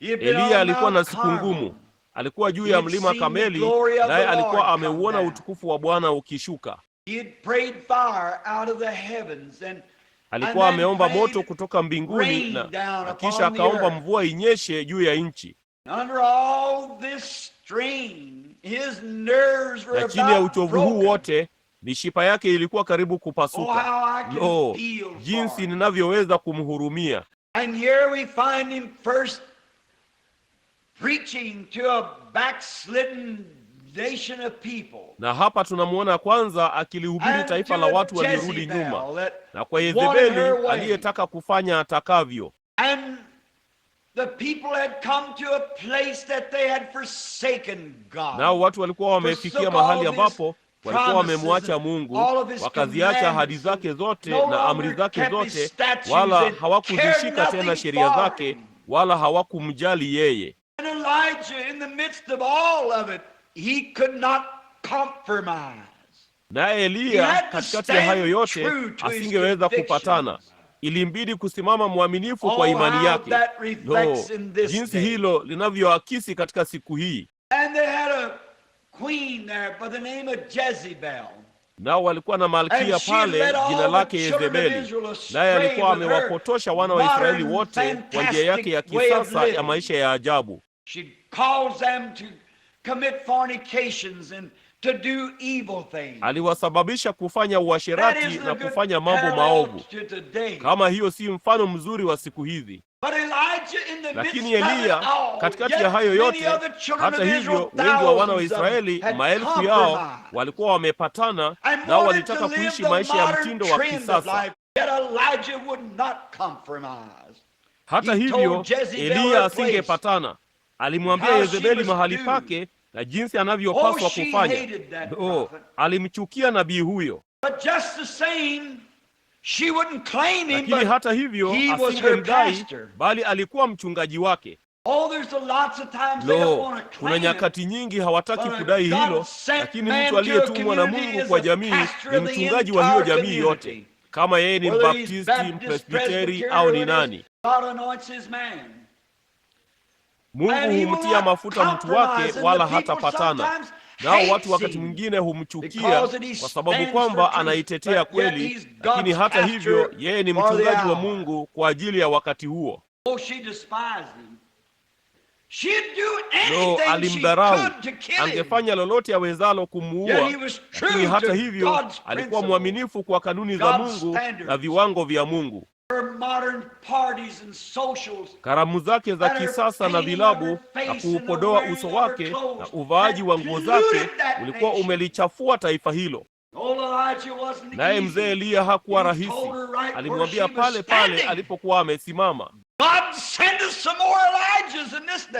Eliya alikuwa na siku ngumu, alikuwa juu ya mlima Kameli, naye alikuwa ameuona utukufu wa Bwana ukishuka. Alikuwa ameomba moto kutoka mbinguni na, na kisha akaomba mvua inyeshe juu ya nchi. Na chini ya uchovu huu wote mishipa yake ilikuwa karibu kupasuka. Oh, no, jinsi ninavyoweza kumhurumia! And here we find him first preaching to a backslidden nation of people. Na hapa tunamwona kwanza akilihubiri taifa la watu walirudi nyuma, na kwa Yezebeli aliyetaka kufanya atakavyo. And The people had come to a place that they had forsaken God. Nao watu walikuwa wamefikia mahali ambapo walikuwa wamemwacha Mungu, wakaziacha ahadi zake zote na amri zake zote, wala hawakuzishika tena sheria zake, wala hawakumjali yeye. Naye Eliya katikati ya hayo yote asingeweza kupatana, ilimbidi kusimama mwaminifu kwa imani yake. No, jinsi hilo linavyoakisi katika siku hii. And they had a queen there by the name of Jezebel. Nao walikuwa na malkia pale jina lake Yezebeli, naye alikuwa amewapotosha wana wa Israeli wote kwa njia yake ya kisasa ya maisha ya ajabu. She'd cause them to commit fornications and to do evil things. Aliwasababisha kufanya uasherati na kufanya mambo maovu. Kama hiyo si mfano mzuri wa siku hizi. Lakini Eliya katikati ya hayo yote, hata hivyo, wengi wa wana wa Israeli maelfu yao walikuwa wamepatana, nao walitaka kuishi maisha ya mtindo wa kisasa. Hata hivyo, Eliya asingepatana. Alimwambia Yezebeli mahali pake na jinsi anavyopaswa oh, kufanya. Oh, alimchukia nabii huyo, lakini hata hivyo asingemdai, bali alikuwa mchungaji wake. Oh, lo, kuna nyakati nyingi hawataki kudai hilo, lakini mtu aliyetumwa na Mungu kwa jamii ni mchungaji wa hiyo jamii yote, kama yeye ni Mbaptisti, Mpresbiteri au ni nani. Mungu humtia mafuta mtu wake wala hata patana nao. Watu wakati mwingine humchukia kwa sababu kwamba anaitetea kweli, lakini hata hivyo yeye ni mchungaji wa Mungu kwa ajili ya wakati huo. Oh, no, alimdharau, angefanya lolote awezalo kumuua, lakini hata hivyo alikuwa mwaminifu kwa kanuni za Mungu na viwango vya Mungu karamu zake za kisasa na vilabu na kuupodoa uso wake na uvaaji wa nguo zake ulikuwa umelichafua taifa hilo. Naye mzee Eliya hakuwa rahisi, alimwambia pale pale alipokuwa amesimama.